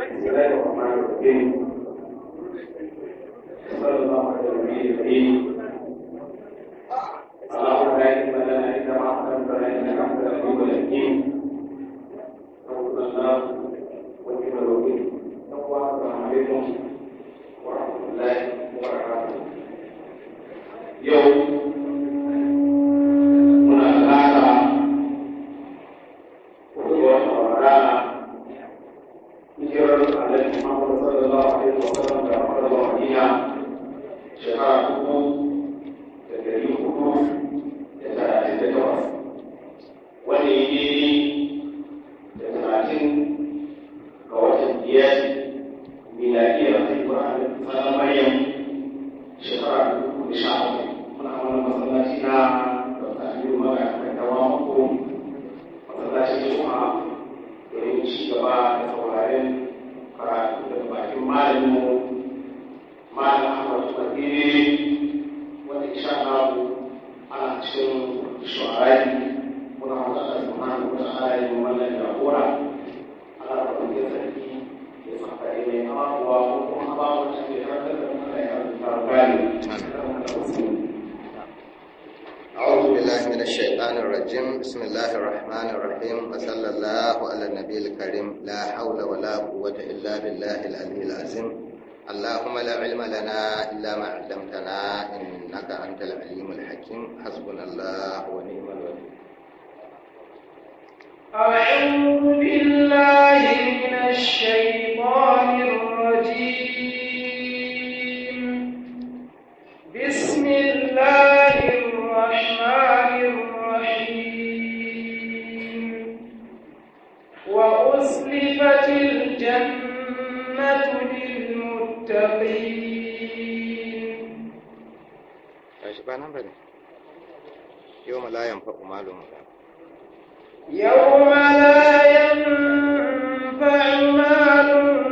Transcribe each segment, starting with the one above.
السلام الرحمن الرحيم صلى الله على النبي الكريم اللهم لا علم الا ما علمتنا انك انت العليم الحكيم ربنا الله وكيف الوكيل عليكم ورحمه الله وبركاته la yanfa'u malun yawma la yanfa'u malun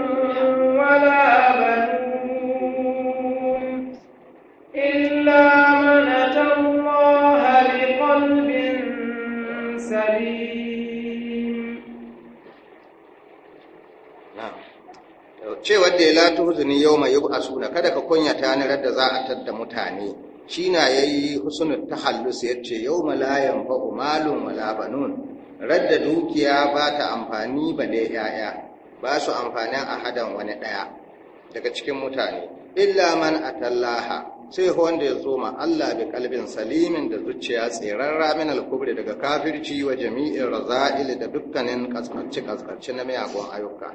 wala banun illa man atallaha biqalbin salim cewa da ya latu huzuni yau mai yi kada ka kunyata ni da za a tadda mutane shi na ya yi husunar tahallus ya ce yau malayan fa'u malun wala banun radda dukiya ba ta amfani ba ne ‘ya'ya ba su amfani a hadan wani ɗaya daga cikin mutane illa man atallaha sai wanda ya zo ma Allah bi kalbin salimin da zuciya tseren ramin alkubri daga kafirci wa jami'in raza'il da dukkanin kaskarci-kaskarci na miyagun ayyuka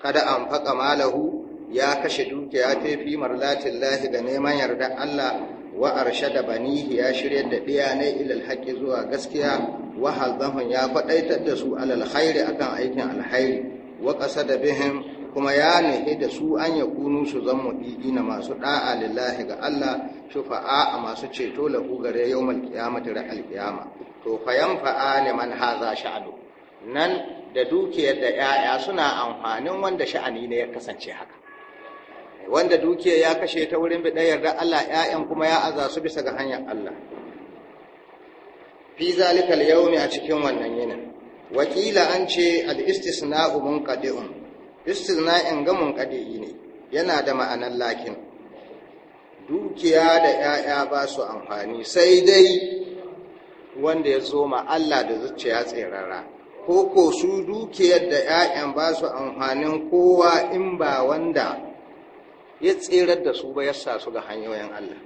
kada an faƙa malahu ya kashe dukiya ta fi marlatin lahi da neman yarda Allah wa arshada banihi ya shiryar da ɗiya na ilal haƙi zuwa gaskiya wa halzahun ya faɗaitar da su alal khairi akan aikin alhairi wa da bihim kuma ya nufi da su an ya kunu su zan muɗiɗi na masu ɗa'a lillahi ga Allah shufa'a a masu ceto lahu gare yau ta da alkiyama to fayan fa'a ne man haza sha'adu nan da dukiyar da ‘ya'ya suna amfanin wanda sha'ani ne ya kasance haka wanda dukiya ya kashe ta wurin biɗa yarda Allah ‘ya'yan kuma ya aza su bisa ga hanyar Allah. Fi zalikal yaumi a cikin wannan yinin. Wakila an ce al'istisna'u munqadi'un, istisna'in ga munqadi'i ne, yana da ma'anar lakin. Dukiya da ‘ya'ya ba su amfani sai dai wanda ya zo ma Allah da zuciya tserara. Ko ko su dukiyar da ‘ya'yan ba su amfanin kowa in ba wanda ya tserar da su ba ya sa su ga hanyoyin Allah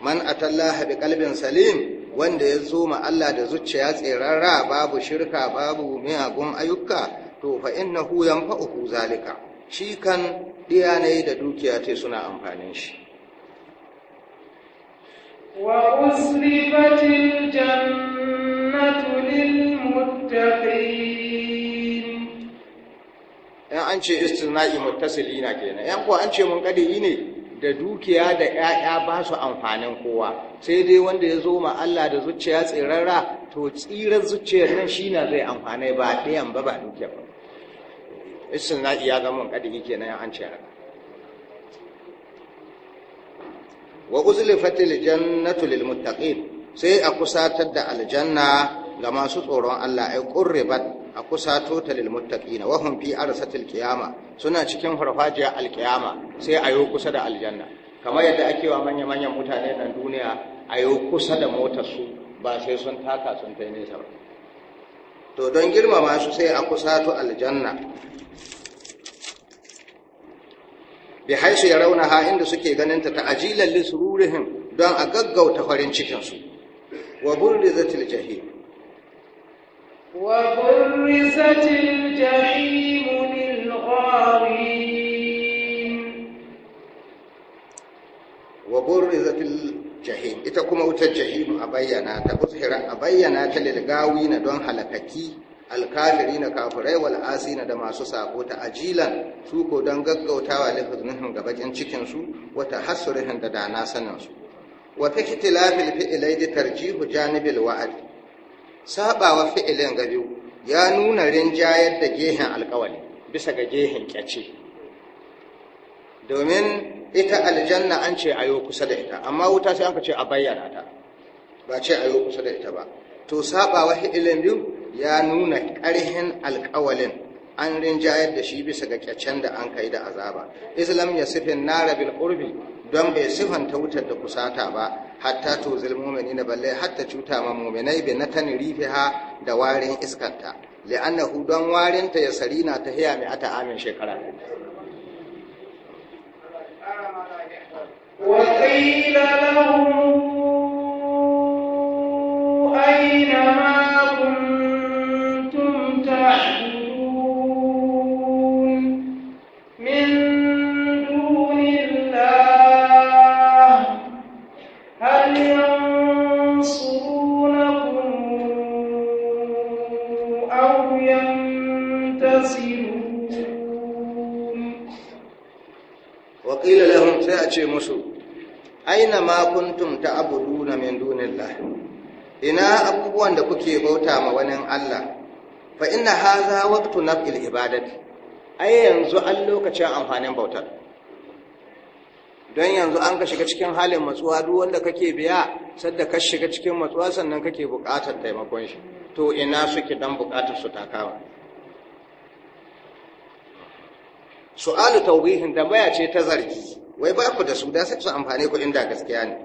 man atallaha bi qalbin salim wanda ya zo ma Allah da zuciya tserara babu shirka babu miyagun ayyuka to fa innahu yanfa'uhu zalika shi kan diya da dukiya ta suna amfanin shi wa usribatil jannatu lil muttaqin Yan an ce istisna'i muttasili na kenan yan kuwa an ce mun kadiri ne da dukiya da ƴaƴa ba su amfanin kowa sai dai wanda ya zo ma Allah da zuciya tsirara to tsirar zuciyar nan shi na zai amfani ba ɗayan ba ba dukiyar ba istisna'i ya zama kadiri kenan yan an ce haka wa uzlifatil jannatu lil muttaqin sai a kusatar da aljanna ga masu tsoron Allah ai qurribat a kusa totalin muttaqina na wahun fi arsatil qiyama suna cikin farfajiya alqiyama sai ayo kusa da aljanna kamar yadda ake wa manya manyan mutane nan duniya ayo kusa da motar su ba sai sun taka sun kai nesa ba to don girmama su sai a kusa to aljanna bi haisu ya rauna ha inda suke ganin ta ajilan lisrurihim don a gaggauta farin cikin su wa burrizatil jahim وبرزت الجحيم للغاوين وبرزت الجحيم ita kuma wutar jahim a bayyana ta uzhira a bayyana ta lilgawina don halakaki alkafiri na kafirai wal asina da masu sako ta ajilan su ko don gaggautawa lihuznihim ga bakin cikinsu wata hasurihin da dana sanin su wa fi ikhtilafil fi'ilai da tarjihu janibil wa'd Saɓawa fi'ilin ga biyu ya nuna rinjayar da gehen alkawali bisa ga gehen kyace domin ita aljanna an ce ayo kusa da ita amma wuta sai aka ce a bayyana ta ba ce ayo kusa da ita ba to saɓawa fi'ilin biyu ya nuna ƙarhin alkawalin an rinjayar da shi bisa ga kyacen da an kai da azaba islam ya sifin nara bil don bai sifanta wutar da kusata ba hatta to zilmumini na balle hatta cuta ma muminai bi na kan rifiha da warin iskanta li'annahu don warinta ya sarina ta hiya mai ata amin shekara وقيل له aina ma. sai a ce musu aina ma kuntum ta'buduna min dunillah ina abubuwan da kuke bauta ma wani Allah fa inna hadha waqtu nafil ibadati ai yanzu an lokacin amfanin bautar don yanzu an ka shiga cikin halin matsuwa duk wanda kake biya sadda ka shiga cikin matsuwa sannan kake buƙatar taimakon shi to ina suke dan buƙatar su takawa su'alu tawbihin baya ce ta zargi wai ba ku da su da sai su amfane ku inda gaskiya ne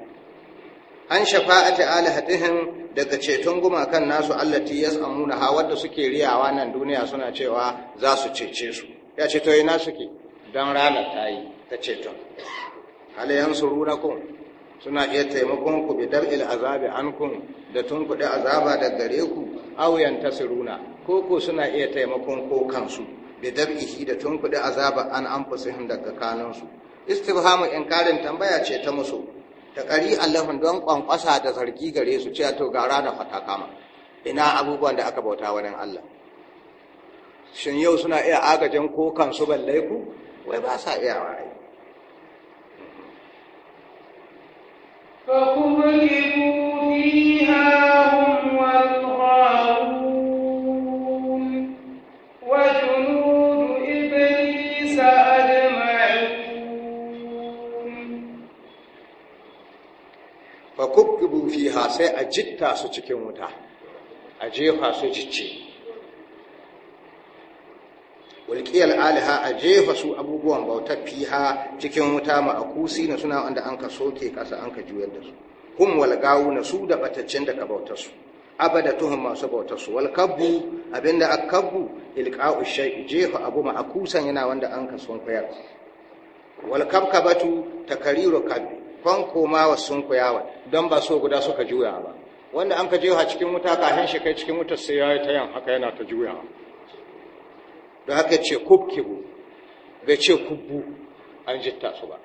an shafa'ati alihatihim daga ceton gumakan nasu allati yas'amuna ha wadda suke riyawa nan duniya suna cewa za su cece su ya ce to ina suke dan ranar yi ta ceton halayan surunakum suna iya taimakon ku bi dar'il azabi ankum da tun kuɗi azaba da gare ku auyan tasiruna ko ko suna iya taimakon ko kansu bi dar'ihi da kuɗi azaba an anfusihim daga kanansu istifhamu inkarin tambaya ce ta musu ta ƙari allahun don ƙwanƙwasa da zargi gare su cewa to gara da fata kama ina abubuwan da aka bauta wurin allah shin yau suna iya agajin ko kansu balle ku wai ba sa iya ra'ayi فكبكبوا fiha kukubu fiha sai a jitta su cikin wuta a jefa su jicce walƙiyar aliha a jefa su abubuwan bautar fiha cikin wuta ma'akusi na suna wanda an ka soke ƙasa an ka juyar da su hum walgawu na su da batacin daga bautar su abada tuhun masu bautar su wal kabbu abinda ak kabbu ilqa'u shay'i jefa abu ma'akusan yana wanda an ka sun koyar wal kabkabatu takariru kabi. kwan koma wa sunkuyawa don ba so guda suka juya ba wanda an ka jefa cikin wuta kafin shi kai cikin wutar sai ya yi ta yan haka yana ta juya Da haka ce kubkibu bai ce kubbu an jitta su ba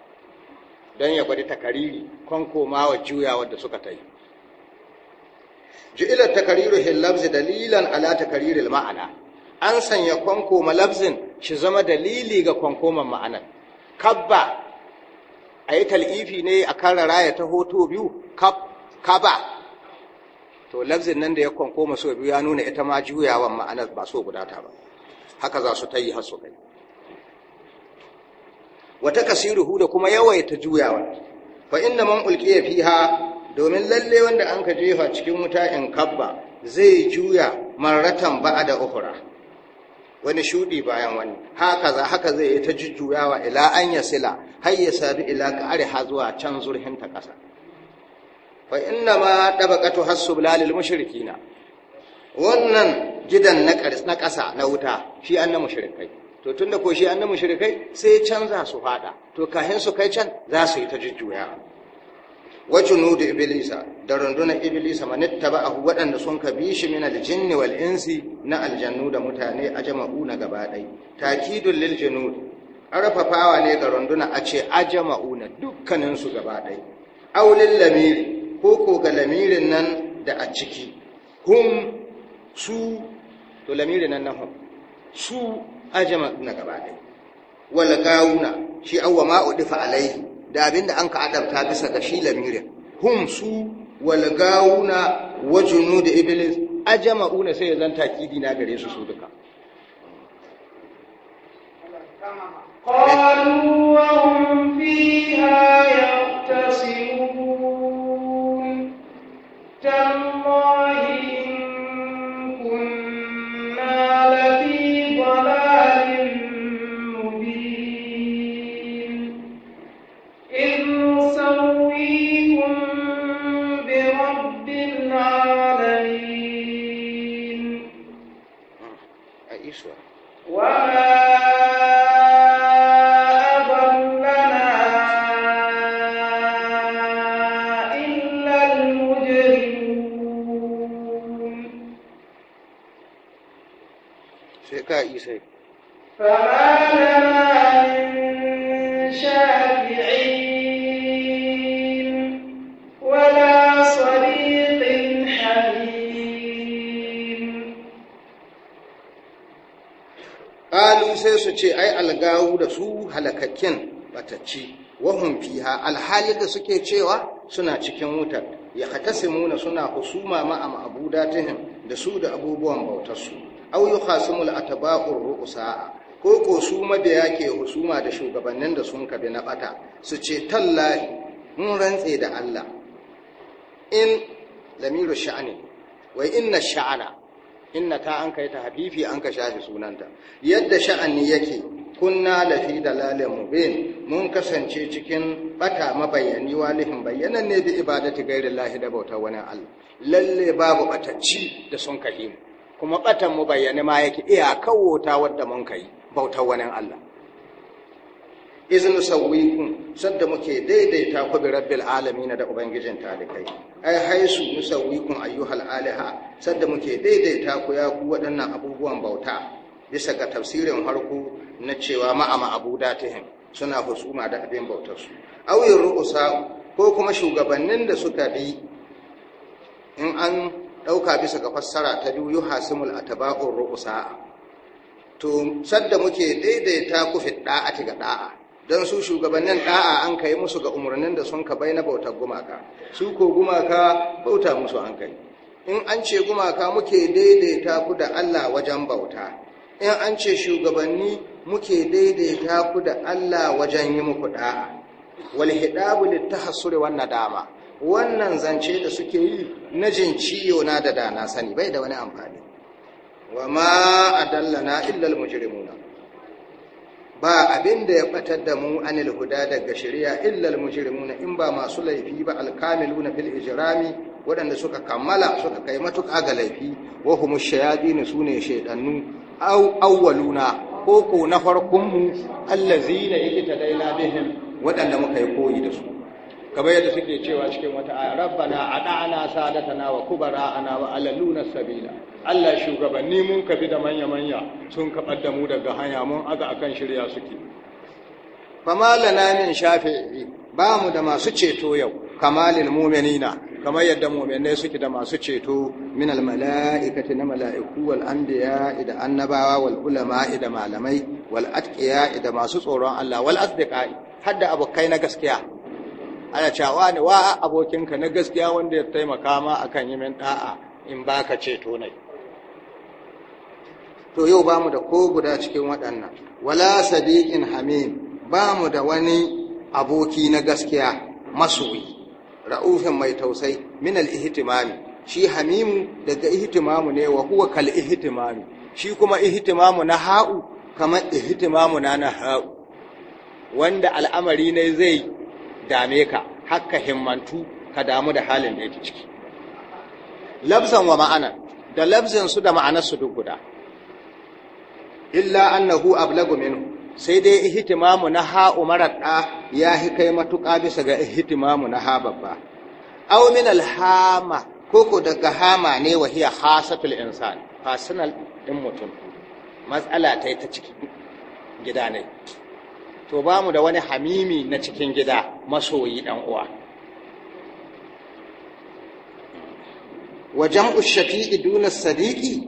don ya gwada takariri kwan koma wa juyawa da suka ta yi ju'ilar takariru hillabzi dalilan ala takariri ma'ana an sanya kwan koma lafzin shi zama dalili ga kwankoman ma'anar kabba a yi tal'ifi ne a karara ta ta hoto biyu kaba to lafzin nan da ya kwanko maso biyu ya nuna ita ma juyawan ma'anar ba so guda ta ba haka za su ta yi haso kai wata kasiruhu da kuma yawaita juyawa fa inna man fi ha, domin lalle wanda an ka jefa cikin wuta in kabba zai juya marratan da ukhra wani shuɗi bayan wani haka za haka zai yi ta jujjuyawa ila an ya har ya sabi ila kare ha zuwa can zurhin ta kasa fa inna ma dabaqatu hasbula mushrikina wannan gidan na na kasa na wuta shi annabi mushrikai to tunda ko shi annabi mushrikai sai canza su fada to kahin su kai can za su yi ta jujjuyawa wa junudu iblisa da rundunar iblisa manittaba'ahu waɗanda sun ka bi shi min aljinni wal insi na aljannu da mutane jama'u na gaba ɗai takidul lil junud arfafawa ne ga runduna a ce jama'u na dukkanin su gaba ɗai aw lil lamiri ko ko ga lamirin nan da a ciki hum su to lamirin nan na hum su jama'u na gaba ɗai wal gauna shi awwa ma'udifa alaihi da abin da an ka adabta bisa ga shi lamirin hum su walgawuna wajinu da iblis ajama'una sai ya zan takidi na gare su su duka قالوا وهم fiha alhali da suke cewa suna cikin wutar ya katasimuna suna husuma ma a ma'abudatihim da su da abubuwan bautarsu au yukhasimul ataba'ur ru'usa'a ko ko su madaya ke husuma da shugabannin da sun kabe na bata su ce tallahi mun rantse da Allah in lamiru sha'ani wai inna sha'ana inna ta an kai ta hafifi an ka shafi sunanta yadda sha'ani yake kunna lafi dalalin mubin mun kasance cikin bata mabayani walihin bayanan ne bi ibadati gairin lahi da bauta wani Allah lalle babu batacci da sun kahi mu kuma batan mu bayyane ma yake iya kawota wadda mun kai bautar wani Allah izin sauwikun sadda muke daidaita ku bi rabbil alamin da ubangijin talikai ai haisu nusawwikun ayyuhal aliha sadda muke daidaita ku ya ku waɗannan abubuwan bauta bisa ga tafsirin harko na cewa ma'ama abuda ta him suna husuma da abin bautarsu auyin ru'usa ko kuma shugabannin da suka bi in an ɗauka bisa ga fassara ta biyu hasimul ataba'ur ru'usa to sadda muke daidaita kufi da'ati ga da'a don su shugabannin da'a an kai musu ga umarnin da sun ka bai na bautar gumaka su ko gumaka bauta musu an kai in an ce gumaka muke daidaita ku da Allah wajen bauta in an ce shugabanni muke daidaita ku da Allah wajen yi muku da'a wal hidabu litahsuri wan nadama wannan zance da suke yi na jin ciyo na da dana sani bai da wani amfani wa ma adallana illa al ba abinda ya batar da mu anil huda daga shari'a illa al mujrimuna in ba masu laifi ba al kamiluna bil ijrami waɗanda suka kammala suka kai matuƙa ga laifi wa humu shayadin sune shaydanu aw awwaluna koko na farkonmu allazi na ta daina bihin waɗanda muka yi koyi da su kamar yadda suke cewa cikin wata aya rabbana adana sadatana wa kubara ana wa alaluna sabila Allah shugabanni mun kafi da manya manya sun kabar da mu daga hanya mun aga akan shirya suke famalana min shafi'i ba mu da masu ceto yau kamalil mu'minina kamar yadda mu'minai suke da masu ceto min almala'ikati na mala'iku wal anbiya da annabawa wal ulama da malamai wal atqiya da masu tsoron Allah wal har hadda abokai na gaskiya ana cewa ne wa abokinka na gaskiya wanda ya taimaka ma akan yi min da'a in baka ceto ne to yau bamu da ko guda cikin waɗannan wala sadiqin hamim mu da wani aboki na gaskiya masoyi ra'ufin mai tausai min al-ihtimami shi hamimu daga ihtimamu ne wa huwa kal ihtimami shi kuma ihtimamu na ha'u kamar ihtimamu na na ha'u wanda al'amari ne zai dame ka hakka himmantu ka damu da halin da yake ciki labzan wa ma'ana da labzan su da ma'anar su duk guda illa annahu ablagu minhu sai dai ihtimamu na ha umarar ɗa ya hi kai matuƙa bisa ga ihtimamu na ha babba aw min alhama koko daga hama ne wa hiya khasatul insan personal din mutum matsala ta ta cikin gida ne to ba mu da wani hamimi na cikin gida masoyi ɗan uwa wa jam'u shafi'i duna sadiqi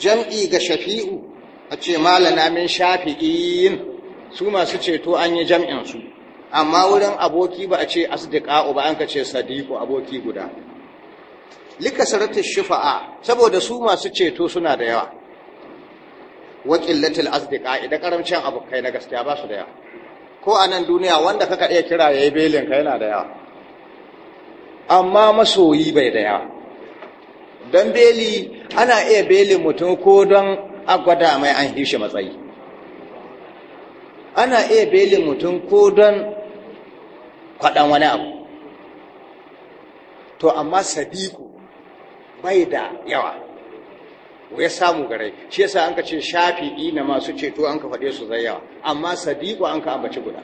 jam'i ga shafi'u a ce malana min shafi'in su masu ceto an yi jam'in amma wurin aboki ba a ce asdiqa'u ba an ka ce sadiku aboki guda Lika likasaratu shufa'a saboda su masu ceto suna da yawa wa qillatil asidika, da karamcin abokai na gaskiya ba su da yawa ko a nan duniya wanda kaka iya kira ya yi belin ka yana da yawa amma masoyi bai da yawa don beli ana iya belin mutum ko don a mai an hishe matsayi ana iya belin mutum ko don kwaɗan wani abu to amma sadiku bai da yawa ya samu garai shi yasa an ka ce shafi ina masu ceto an ka faɗe su zai yawa amma sadiku an ka ambaci guda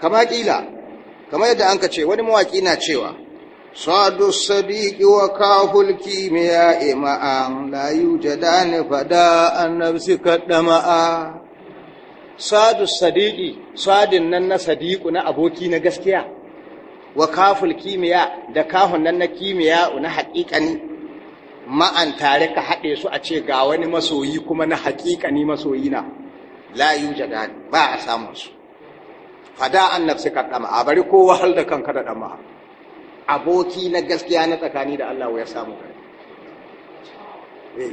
kama ƙila kama yadda an ka ce wani mawaƙi na cewa صاد الصديق وكاف الكيمياء معا لا يوجدان فداء النفس كالدماء صاد nan صاد نن صديق نا ابوكي نا غسكيا وكاف الكيمياء da kahun nan na kimiya na haƙiƙani ma'an tare ka haɗe su a ce ga wani masoyi kuma na haƙiƙani masoyi na la yujadan ba a samun su fada an nafsi ka bari kowa hal da kanka da aboki na gaskiya na tsakani da Allah ya samu eh.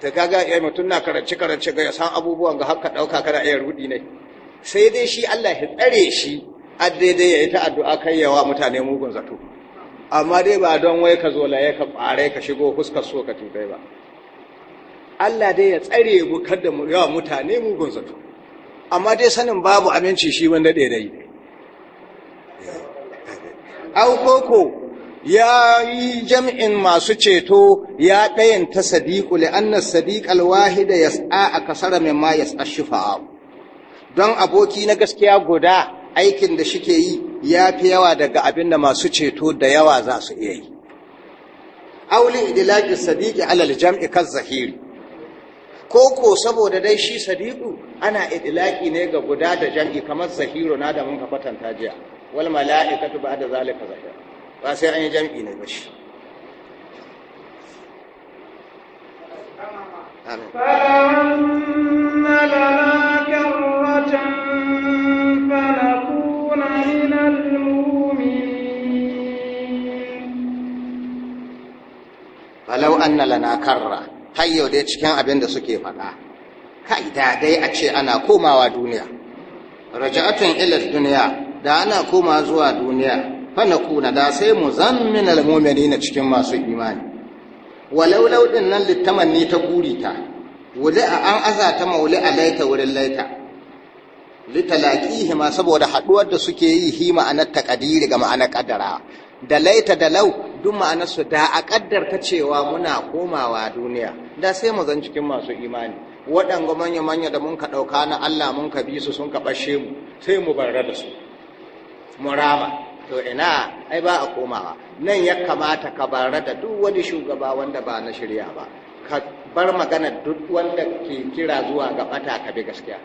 ta kaga ya eh, mutum na karance karance ga ya san abubuwan ga haka ɗauka kada iya rudi ne sai dai shi Allah ya tsare shi a daidai ya yi ta addu'a kai yawa mutane mugun zato amma dai ba don wai ka zo laye ka ɓare ka shigo fuskar so ka tukai ba Allah dai ya tsare mu kada mu yawa mutane mugun zato amma dai sanin babu aminci shi wanda daidai au ya yi jam'in masu ceto ya ɗayan ta sadiku li'anna sadiq alwahida ya a kasar mai ma ya shifa don aboki na gaskiya guda aikin da shike yi ya fi yawa daga abin da masu ceto da yawa za su iya yi aulin idilaki sadiqi alal jam'i kan zahiri ko saboda dai shi sadiku ana idilaki ne ga guda da jam'i kamar zahiru na da mun ka jiya wal mala'ikatu ba'da zalika zahir ba sai an yi jam'i ne ba shi آمين فأن لنا كرة فنكون dai cikin abin da suke faɗa kai da dai a ce ana komawa duniya raja'atun ila duniya da ana koma zuwa duniya fana kuna da sai mu zan min almomini na cikin masu imani walau din nan litamanni ta ta, wuli a an aza ta mauli a laita wurin laita litalaƙihi ma saboda haɗuwar da suke yi hi ma'anar ƙadiri ga ma'anar ƙadara, da laita da lau duk ma'anarsu da a ƙaddar ta cewa muna komawa duniya da sai mu zan cikin masu imani waɗanga manya-manya da mun ka ɗauka na Allah mun ka bi su sun ka ɓashe mu sai mu bar da su murama to ina ai ba a komawa nan ya kamata ka bara da duk wani shugaba wanda ba na shirya ba ka bar magana duk wanda ke kira zuwa ga bata ka bi gaskiya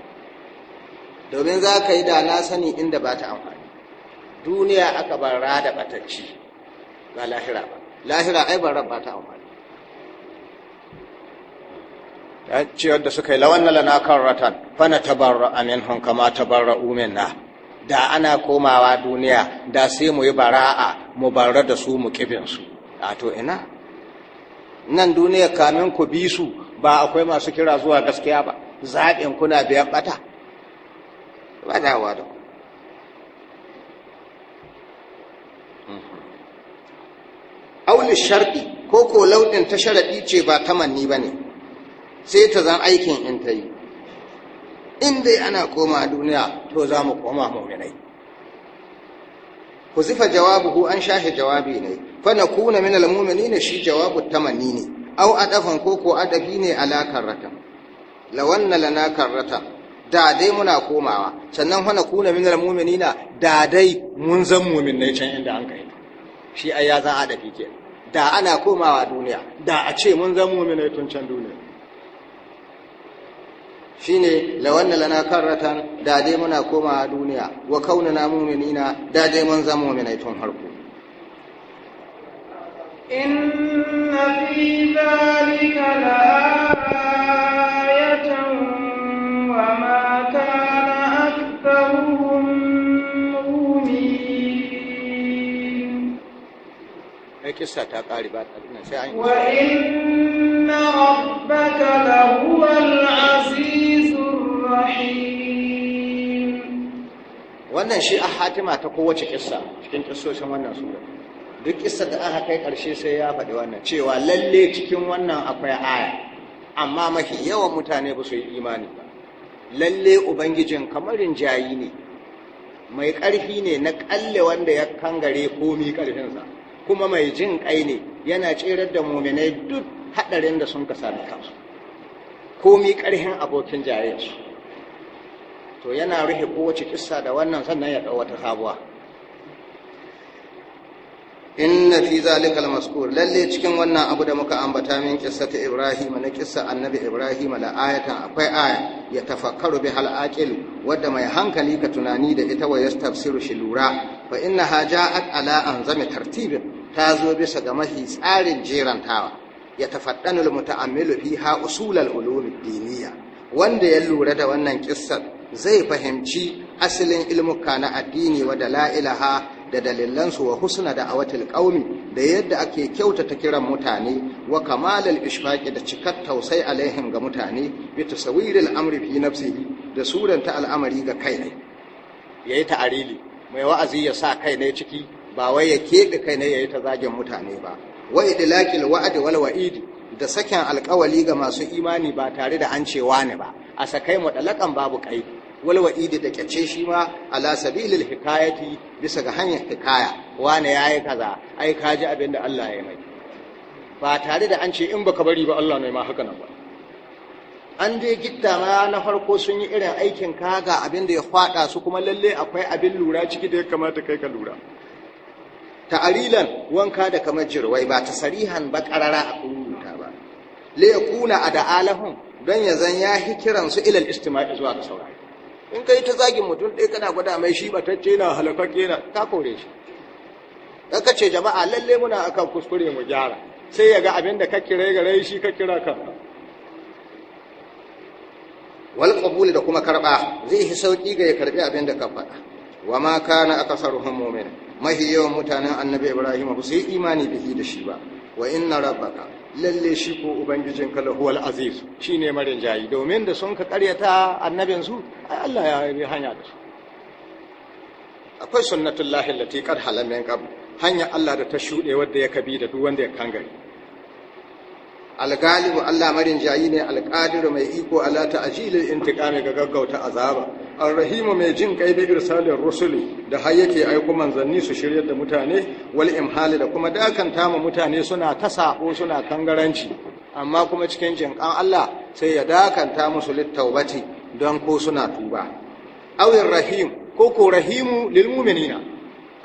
domin za ka yi da na sani inda ba ta amfani duniya aka bara da batacci ba lahira ba lahira ai bara ba ta amfani ya ce yadda suka yi lawan na lana kan ratan fana tabarra aminhum kama tabarra umenna da ana komawa duniya da sai mu yi bara'a mu bara da su mu kibinsu a to ina nan duniya kamin ku bi su ba akwai masu kira zuwa gaskiya ba zaɓin kuna biyan ɓata ba dawa da ku mhm. sharɗi ko ko launin ta sharaɗi ce ba tamanni ba ne sai ta zan aikin in ta yi in dai ana koma duniya to za mu koma muminai jawabu ku an shahe jawabi ne fa kuna min ne shi jawabu tamanni ne a adafan ko ko adabi ne ala karrata La lana karrata da dai muna komawa sannan fa kuna min almu'minina da dai mun zan mu'minai can inda an kai shi ai ya za adafi ke da ana komawa duniya da a ce mun zan mu'minai tun can duniya shine lawanna lana karratan da dai muna koma duniya wa kaunana mu'minina da dai mun zama mu'minai tun harko inna fi zalika la wa kissa ta ƙari ba ta sai an wa inna ربك لهو العزيز الرحيم wannan shi a hatima ta kowace kissa cikin kissoshin wannan sura duk kisa da aka kai ƙarshe sai ya faɗi wannan cewa lalle cikin wannan akwai aya amma mafi yawan mutane ba su yi imani ba lalle ubangijin kamar jayi ne mai ƙarfi ne na ƙalle wanda ya kangare komi ƙarfinsa kuma mai jin ƙai ne yana tserar da muminai duk haɗarin da sun ka sami kansu komi ƙarhin abokin jayayyarsu to yana rufe kowace kissa da wannan sannan ya ɗau wata sabuwa inna fi zalika almaskur lalle cikin wannan abu da muka ambata min ta ibrahim na kissa annabi ibrahim la ayatan akwai aya ya tafakkaru bi hal aqil wadda mai hankali ka tunani da ita wa yastafsiru shi lura fa innaha ja'at ala anzami tartibin ta zo bisa ga mahi tsarin jerantawa ya المتعمل فيها fiha العلوم الدينية wanda ya lura da wannan kissar zai fahimci asalin ilmuka na addini wa dalailaha da dalilansu wa husna da awatil qaumi da yadda ake kyautata kiran mutane wa kamalal ishfaqi da cikar tausai alaihim ga mutane bi tasawiril amri fi nafsihi da suranta al'amari ga kai ne yayi ta'arili mai wa'azi ya sa kai ne ciki ba wai ya keɓe kai ne yayi ta zagin mutane ba wa idlaqil wa'd wal wa'id da sakin alƙawali ga masu imani ba tare da an ce wani ba a sakai mutalakan babu kai wal wa'id da kace shi ma ala sabilil hikayati bisa ga hanyar hikaya wani yayi kaza ai kaji abin da Allah ya mai ba tare da an ce in baka bari ba Allah ne ma haka nan ba an dai gitta ma na farko sun yi irin aikin kaga abin da ya faɗa su kuma lalle akwai abin lura ciki da ya kamata kai ka lura ta'arilan wanka da kamar jirwai ba ta sarihan ba karara a kuruta ba le ya kuna a da'alahun don ya zan ya hi kiransu ilal istima'i zuwa ga saura in kai ta zagin mutum ɗaya kana gwada mai shi batacce na halakakke na ta kore shi ka ce jama'a lalle muna akan kuskure mu gyara sai ya ga abin da ka kira gare shi ka kira kan wal qabul da kuma karba zai hi sauki ga ya karbi abin da ka faɗa wa ma kana akasaruhum mu'minin mafi yawan mutanen annabi ibrahim ba su yi imani da da shi ba wa inna rabbaka lalle shi ko ubangijin ka lahuwal aziz shine marin jayi domin da sun ka karyata annabin su ai Allah ya yi hanya da su akwai sunnatullahi allati qad halamin qabl hanya Allah da ta shude wanda ya kabi da duk ya kangare algalibu Allah marin jayi ne alqadiru mai iko ala ta'jilil intiqami ga gaggauta azaba arrahimu mai jin kai bi irsalin rusuli da har yake aiko manzanni su shiryar da mutane wal imhali da kuma dakanta ma mutane suna ta sako suna kangaranci amma kuma cikin jinkan Allah sai ya dakanta musu littaubati don ko suna tuba awir rahim ko ko rahimu lil mu'minina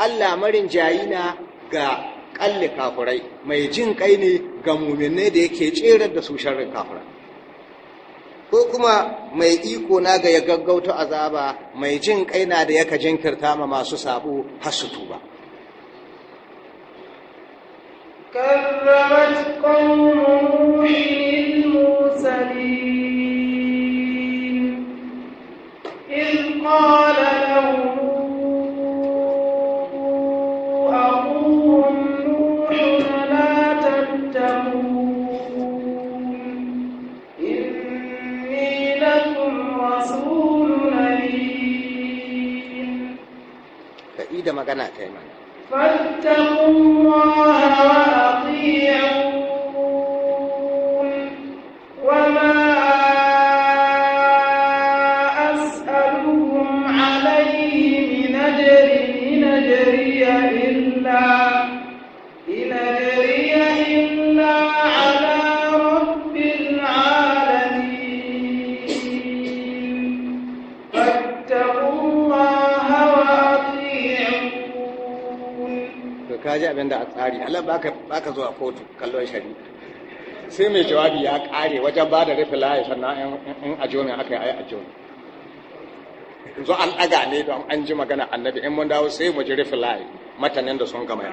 Allah marin jayina ga kalli kafurai mai jin kai ne ga mu'minai da yake tserar da su sharrin kafurai ko kuma mai iko na ga ya gaggauta azaba mai jin kaina da yaka jinkirta ma masu sabo har su tuba كذبت قوم نوح tema. aka zo a kotu kallon shari'a sai mai jawabi ya kare wajen ba da rufe layi sannan in ajomin aka yi ajomin zo an ɗaga ne don an ji magana annabi in mun dawo sai mu ji rufe layi matanin da sun gama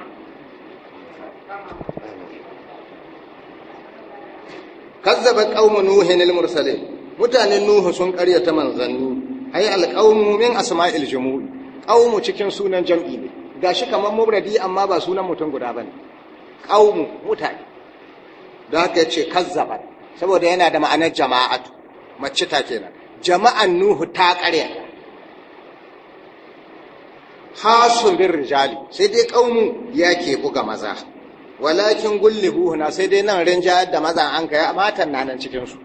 kazzaba qaumu nuhin al-mursalin mutanen nuhu sun ƙaryata manzanni ay al-qaumu min asma'il jumu'i qaumu cikin sunan jam'i ne gashi kamar mubradi amma ba sunan mutum guda bane kaumu mutane da haka ce kazzabat saboda yana da ma'anar jama'atu mace ta kenan jama'an nuhu ta ƙarya hasu bin rijali sai dai ƙaumu ya ke buga maza walakin Gulli buhuna, sai dai nan rinjayar da maza an kai matan na nan cikin su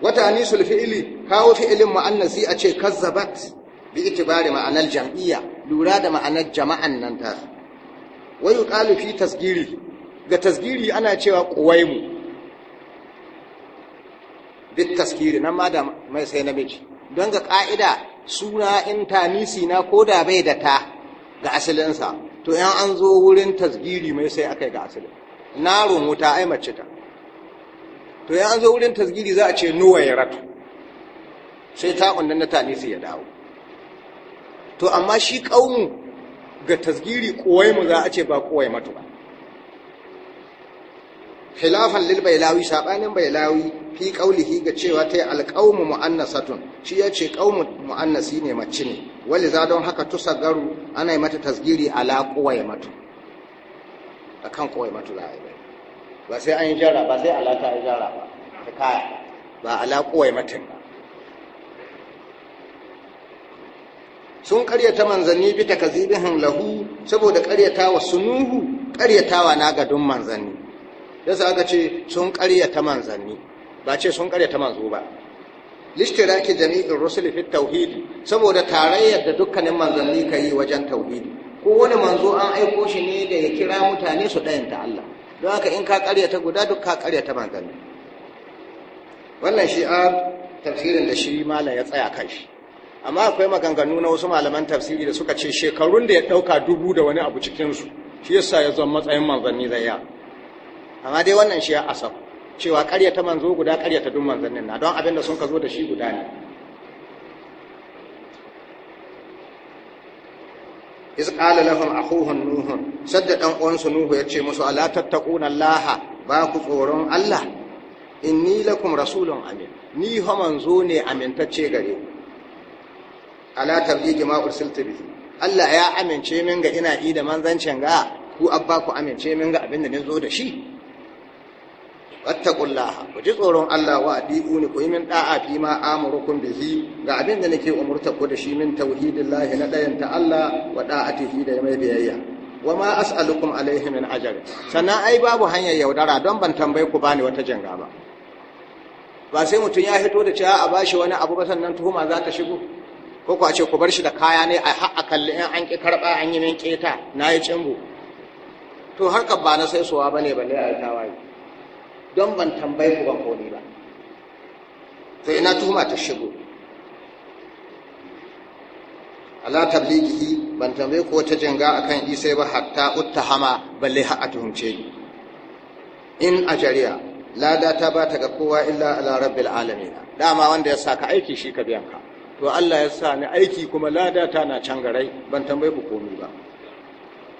wata anisul fi'ili kawo fi'ilin mu'annasi a ce kazzabat bi itibari ma'anar jam'iyya lura da ma'anar jama'an nan tasu wa yi ƙalifi tasgiri ga tasgiri ana cewa mu. bit tasgiri nan ma da mai sai namiji don ga ƙa'ida suna in nisi na da bai da ta ga asilinsa, to yan an zo wurin tasgiri mai sai aka yi ga asalin narun wuta ai mace ta to yan an zo wurin tasgiri za a ce ratu sai ta ƙundin na nisi ya dawo to amma shi ƙaunu ga tasgiri mu za a ce ba matu ba khilafan lil bailawi sabanin bailawi fi qaulihi ga cewa ta alqaumu muannasatun shi yace qaumu muannasi ne mace ne wali za don haka tusagaru ana yi mata tasgiri ala quwaimatu akan quwaimatu za a yi ba sai an yi jara ba sai alaka ya jara ba ta kaya ba ala quwaimatin ba sun karyata manzanni bi takazibihim lahu saboda wa sunuhu karyatawa na gadon manzanni yasa aka ce sun karyata manzanni ba ce sun karyata manzo ba lishtiraki jami'in rusul fi tauhidi saboda tarayyar da dukkanin manzanni yi wajen tauhidi ko wani manzo an aiko shi ne da ya kira mutane su ɗayanta Allah don haka in ka karyata guda duk ka karyata manzanni wannan shi'ar tafsirin da shi Malam ya tsaya kan shi amma akwai maganganu na wasu malaman tafsiri da suka ce shekarun da ya ɗauka dubu da wani abu cikinsu shi yasa ya zama matsayin manzanni zai ya amma dai wannan shi ya asab cewa ta manzo guda ta duk manzannin na don abin sun ka zo da shi guda ne iz qala lahum akhuhum nuh sadda dan uwansu nuhu ce musu ala tattaquna allah ba ku tsoron allah inni lakum rasulun amin ni ha manzo ne amintacce gare ku ala tabligi ma ursiltu bihi Allah ya amince min ga ina yi da manzancin ga ku abba ku amince min ga abinda ne zo da shi wattaqullaha ku ji tsoron Allah wa adiuni ku yi min da'a fi ma amurukum bihi ga abinda nake umurta ku da shi min tauhidillahi na dayan ta Allah wa da'atihi da mai biyayya wa ma as'alukum alayhi min ajr sannan ai babu hanyar yaudara don ban tambaye ku bani wata janga ba ba sai mutum ya fito da cewa a bashi wani abu ba sannan tuhuma za ta shigo ko ku a ce ku bar shi da kaya ne a haɗa kalli in an ƙi karɓa an yi min ƙeta na yi cimbu to ka ba na sai suwa ba ne balle a yi tawaye don ban tambayi ku ban ne ba to ina tuhuma ta shigo ala tablighihi ban tambayi ko ta jinga a kan isa ba hatta hama, balle har a tuhumce ni in jariya, lada ta ba ta ga kowa illa ala rabbil alamina dama wanda ya saka aiki shi ka biyan ka to Allah ya sa ni aiki kuma lada ta na can garai ban tambaye ku komai ba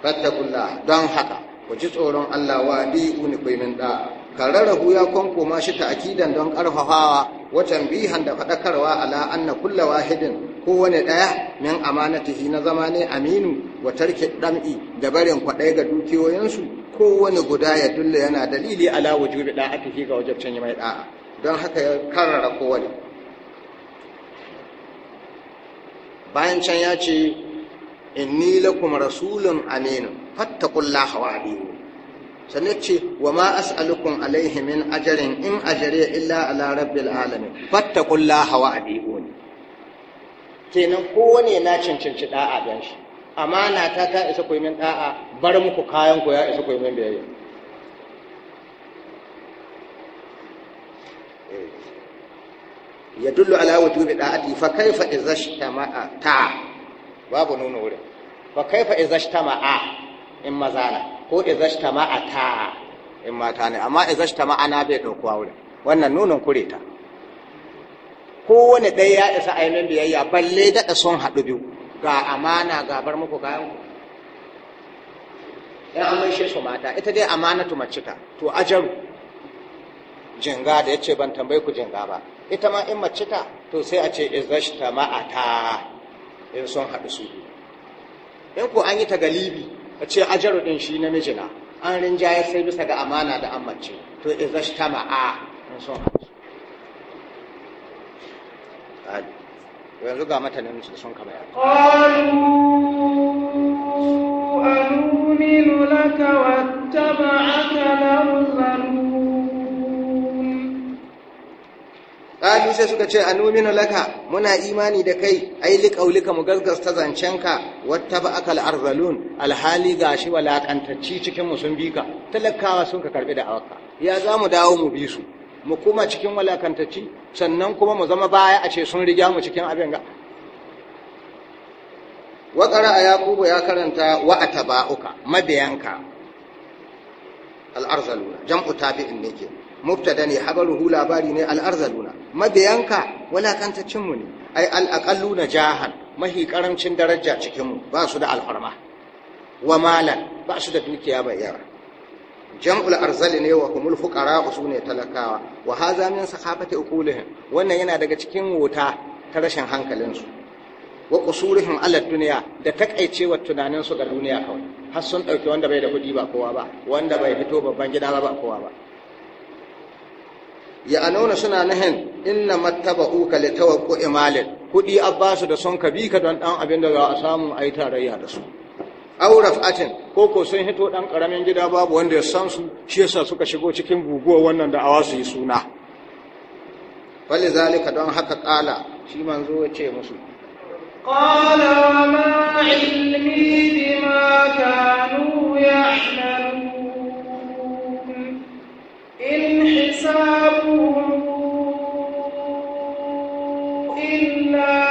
fattakullah don haka ku ji tsoron Allah wa di uni min da kararrahu ya kwankoma shi ta'kidan don karfafawa watan bihan da fadakarwa ala anna kullu wahidin kowane daya min amanatihi na zama aminu wa tarki dam'i da barin kwadai ga dukiyoyinsu kowane guda ya dulla yana dalili ala wujubi da'atihi ga wajibcin mai da'a don haka ya karrara kowane bayan can ya ce inni lakum rasulun aminu fattaqullaha wa abiyu sannan ce wa ma as'alukum Alayhi min ajarin in ajare illa ala rabbil alamin fattaqullaha wa ne. kenan kowane na cancanci da'a dan shi amana ta ta isa ku min da'a bar muku kayan ku ya isa ku min biyayya Ya yadullu ala wujubi da'ati fa kaifa izashtama'a ta babu nuna wurin fa kaifa izashtama'a in mazana ko izashtama'a ta in mata ne amma izashtama'a na bai dauko wurin wannan nunin kure ta wani dai ya isa a yi biyayya balle daɗa sun haɗu biyu ga amana ga bar muku kayan ku ɗan amince su mata ita dai amana tu macita to ajaru jinga da ya ce ban tambayi ku jinga ba ita ma in mace ta to sai a ce a ma'ata in sun haɗu su in ku an yi ta galibi a ce ajaru ɗin shi na mijina an rinjaye sai bisa ga amana da an mace to ma ma'a in sun haɗu su yanzu ga mata ne da sun kama yaro قالوا أنؤمن لك واتبعك الأرذلون ƙalu sai suka ce anuminu laka muna imani da kai ai liqaulika mu gaskasta zancenka ba aka al’arzalun alhali gashi walaƙantacci cikin musun bi ka. talakawa sun ka karɓi da awaka ya za mu dawo mu bi su mu kuma cikin walaƙantacci sannan kuma mu zama baya a ce sun riga mu cikin abin ga wa a Yakubu ya karanta wa ataba'uka mabiyanka al jam'u tabi'in ne kenan mubtada ne habaruhu labari ne al'arzaluna mabiyanka walakantaccin mu ne ai al'aqalluna na mahi karancin daraja cikin mu ba su da alfarma wa malan ba su da dukiya ba yara. jam'ul arzali ne wa kumul fuqara ne talakawa wa haza min sahabati uqulihim wannan yana daga cikin wuta ta rashin hankalinsu wa qusurihim ala dunya da takaicewa su ga duniya kawai har sun dauke wanda bai da kudi ba kowa ba wanda bai fito babban gida ba kowa ba ya anona suna nahin inna mattaba'uka li tawaqqu imalin kudi abbasu da son ka bi ka don dan abin da za a samu ayi tarayya da su aw raf'atin ko ko sun hito dan karamin gida babu wanda ya san su shi yasa suka shigo cikin guguwa wannan da awa su yi suna wali zalika don haka kala shi manzo ya ce musu qala ma ilmi bima kanu ya'malun إن حسابه إلا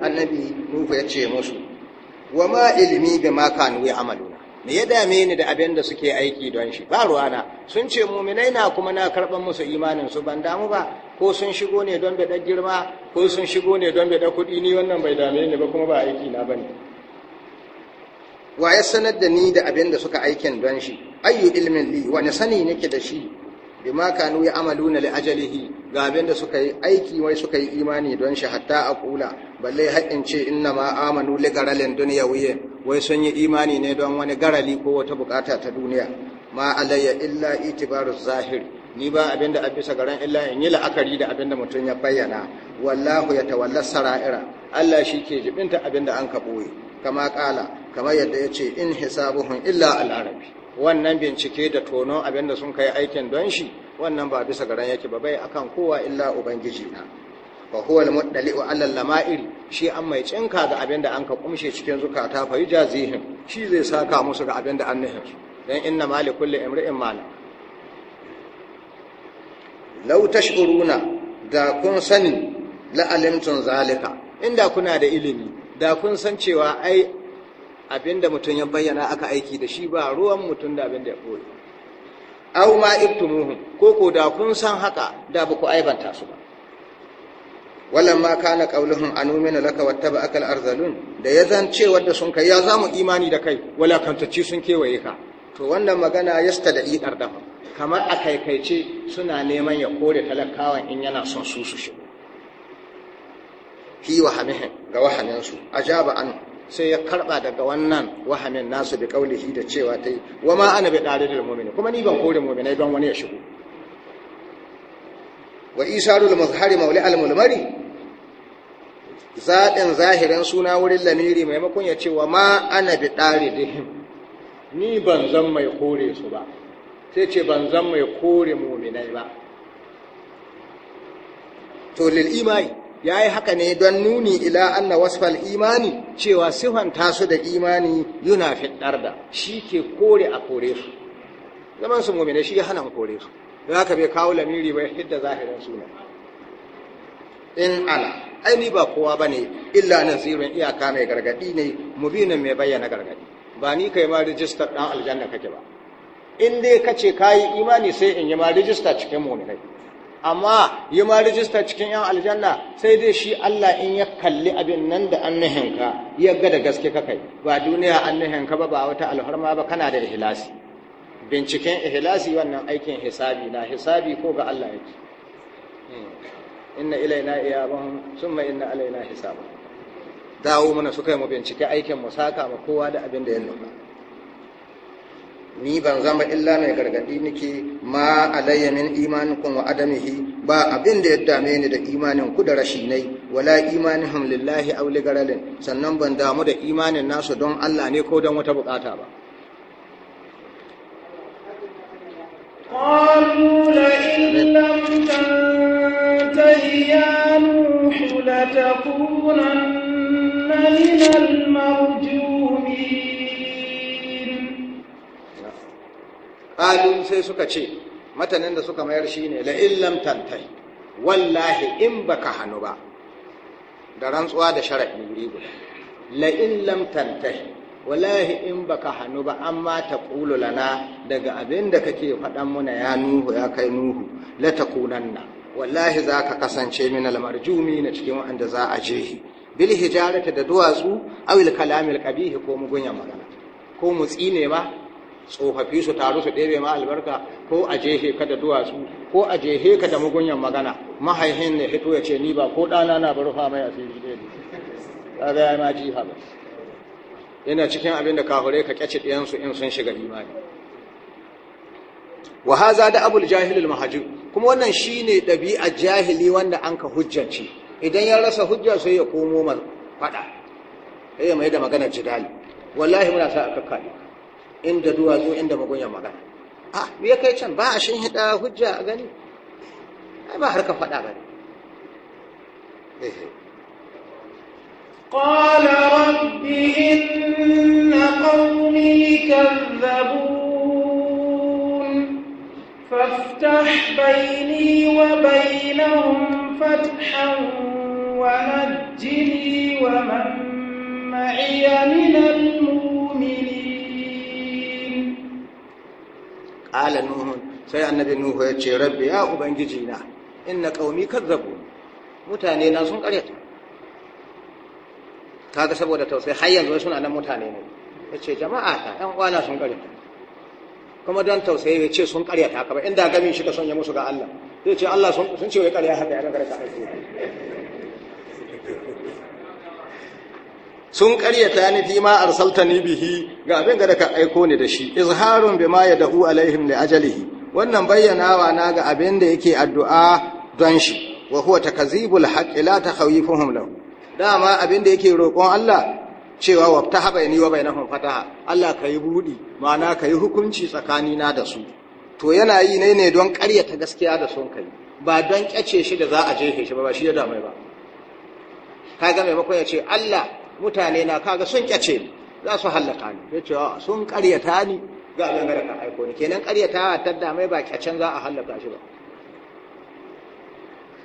annabi nufa ya ce musu wa ma ilimi ga ma kanu amaluna me ya dame ni da abin da suke aiki don shi ba ruwana sun ce muminai na kuma na karɓar musu imanin su ban damu ba ko sun shigo ne don bai girma ko sun shigo ne don bai kuɗi ni wannan bai dame ni ba kuma ba aiki na bane wa ya sanar da ni da abin da suka aikin don shi ayyu ilmin li wani sani nake da shi bima kanu ya amaluna na ajalihi ga abin da suka yi aiki wai suka yi imani don shi hatta a kula. balle haƙin ce in na ma amanu li garalin wuye wai sun yi imani ne don wani garali ko wata bukata ta duniya ma alayya illa itibaru zahir ni ba abin da abisa garan illa in yi la'akari da abin da mutum ya bayyana wallahu ya tawalla sara'ira Allah shi ke jibinta abin da an ka boye kama kala kamar yadda ya ce in hisabuhun illa al'arabi wannan bincike da tonon abin da sun kai aikin don shi wannan ba bisa garan yake ba bai akan kowa illa ubangiji na fa huwa al-muddali'u 'ala al shi an mai cinka ga abin da an ka kumshe cikin zukata fa jazihin shi zai saka musu ga abin da an nahin dan inna malikul imri'in mala law tash'uruna da kun sani la alimtun zalika inda kuna da ilimi da kun san cewa ai abinda mutum ya bayyana aka aiki da shi ba ruwan mutum da abinda ya koyi au ma ibtumuhum ko ko da kun san haka da ba ku aibanta su ba wallan ma kana qauluhum anumina laka wattaba'aka al-arzalun da zan ce wanda sun kai ya zamu imani da kai wala kantacci sun kewaye ka to wannan magana yasta da idar da kamar a kaikaice suna neman ya kore talakawan in yana son su su shigo fi wahamihin ga wahaminsu ajaba an sai ya karba daga wannan wahamin nasu bi kaulihi da cewa ta yi wa ma ana bi da mu'mini kuma ni ban kore mu'minai don wani ya shigo wa isarul mazhari mauli al mulmari zaɗin zahirin suna wurin lamiri maimakon ya ce wa ma ana bi dalilihim ni ban zan mai kore su ba sai ce ban zan mai kore mu'minai ba to lil imani ya yi haka ne don nuni ila anna wasfal imani cewa sihon su da imani yuna fitar da shi ke kore a kore su zaman su mumine shi hana kore su Za ka bai kawo lamiri bai hidda zahirin suna in ana aini ba kowa ba ne illa zirin iyaka mai gargadi ne mubinin mai bayyana gargadi ba ni kai ma rijistar ɗan aljanna kake ba in dai ka ce ka yi imani sai in yi ma rijista cikin muminai amma yi ma rijista cikin yan aljanna sai dai shi Allah in ya kalli abin nan da annahinka, ya ga da gaske ka kai ba duniya annahinka ba ba wata alharma ba kana da ihlasi binciken ihlasi wannan aikin hisabi na hisabi ko ga Allah yake hmm. inna ilaina iyabahum summa inna alaina hisabahum dawo mana su kai mu bincike aikin mu saka ma kowa da abin da ya nuna ni ban zama illa mai gargadi nake ma alayyamin min imanikum wa adamihi ba abin da ya dame ni da imanin ku da rashinai wala imanihum lillahi aw li garalin sannan ban damu da imanin nasu don Allah ne ko don wata bukata ba قالوا لئن لم تنته يا نوح لتكونن من المرجومين ƙalu sai suka ce matanin da suka mayar shi ne la'illam tantai wallahi in baka hannu ba da rantsuwa da sharaɗi wuri guda la'illam tantai wallahi in baka hannu ba amma ta ƙulu lana daga abin da kake faɗan muna ya nuhu ya kai nuhu la ta wallahi za ka kasance min almarjumi na cikin wanda za a jehi bil hijarata da duwatsu awil kalamil qabihi ko mugunya magana ko mutsi ne ma tsofaffi su taru su ɗebe ma albarka ko a jehe ka da duwatsu ko a jehe ka da mugunyan magana mahaihin ne hito ya ce ni ba ko ɗana na bar fama ya sai ɗaya ne ga ma jiha ba yana cikin abin da kahure ka kyace ɗiyansu in sun shiga imani wa haza da abul jahil al kuma wannan shine ɗabi'a jahili wanda an ka hujjace idan ya rasa hujja sai ya komo faɗa sai ya mai da maganar jidali wallahi muna sa aka kaɗe inda duwatsu inda magoya magana ah me yake kai can ba a shin hida hujja a gani ai ba harka faɗa ba ne قال رب إن قومي كذبون فافتح بيني وبينهم فتحا ونجني ومن معي من المؤمنين qala nuhun sai annabi nuhu ya ce rabbi ya ubangiji na inna qaumi kazzabu mutane na sun karyata ga saboda tausayi har yanzu suna nan mutane ne yace jama'a ta ɗan uwana sun karyata kuma don tausayi ya ce sun karyata kaba, ba inda gamin shi ka son ya musu ga Allah zai ce Allah sun ce wai karya haka ya ga karya ka aiki sun karyata ni fi ma arsaltani bihi ga abin da ka aiko ni da shi izharun bima yadahu alaihim li ajalihi wannan bayyanawa na ga abin da yake addu'a don shi wa huwa takzibul haqqi la takhawifuhum lahu dama abin da yake roƙon Allah cewa wabtaha ni wa bainahum fataha Allah kai budi ma'ana kai hukunci tsakani na da su to yana yi ne ne don karyata gaskiya da son kai ba don kyace shi da za a jefe shi ba ba shi ya damai ba kaga maimakon ya ce Allah mutane na kaga sun kyace ni za su hallaka ni ya ce sun karyata ni ga abin da ka aiko ni kenan wa ta mai ba kyacen za a hallaka shi ba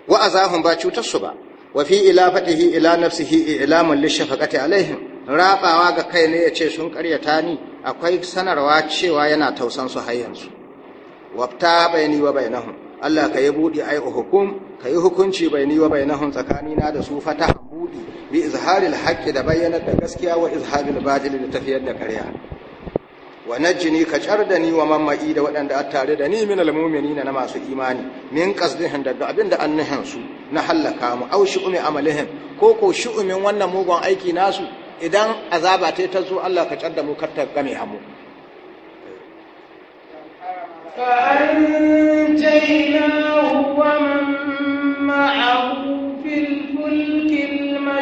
wa azahum ba cutar su ba wa fi ila fatihi ila nafsihi ilamun shafaqati alaihim rabawa ga kai ne ya ce sun karyata ni akwai sanarwa cewa yana tausan su har yanzu wafta bayani wa bainahum Allah ka yi buɗe ai hukum ka yi hukunci bayani wa bainahum tsakanina da su fata bi izharil haqqi da bayyana da gaskiya wa izhabil batil da tafiyar da ƙarya wa najini ka char da ni wa mamma'i da waɗanda a tare da ni min almu'minina na masu imani min qasdihin da abinda annahan su na hallaka mu aw shu'umi amalihim ko ko shu'umin wannan mugun aiki nasu idan azaba ta ta zo Allah ka char da mu kar ta game amu فأنجيناه ومن معه في الفلك